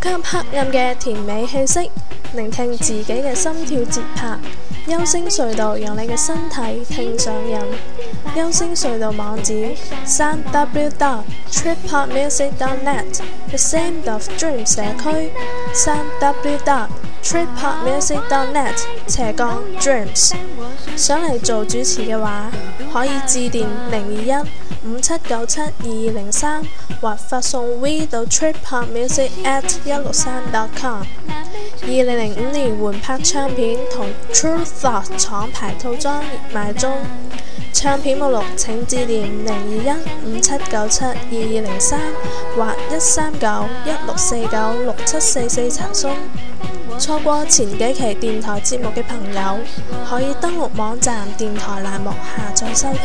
吸入黑暗嘅甜美氣息，聆聽自己嘅心跳節拍。幽聲隧道讓你嘅身體聽上癮。幽聲隧道網址：www.tripartmusic.net。The Sound of Dream 社區：www。tripartmusic.net 斜槓 dreams 想嚟做主持嘅話，可以致電零二一五七九七二二零三或發送 v 到 tripartmusic@ 一六三 .com。二零零五年換拍唱片同 True Thought 廠牌套裝熱賣中，唱片目錄請致電零二一五七九七二二零三或一三九一六四九六七四四查詢。錯過前幾期電台節目嘅朋友，可以登錄網站電台欄目下載收聽。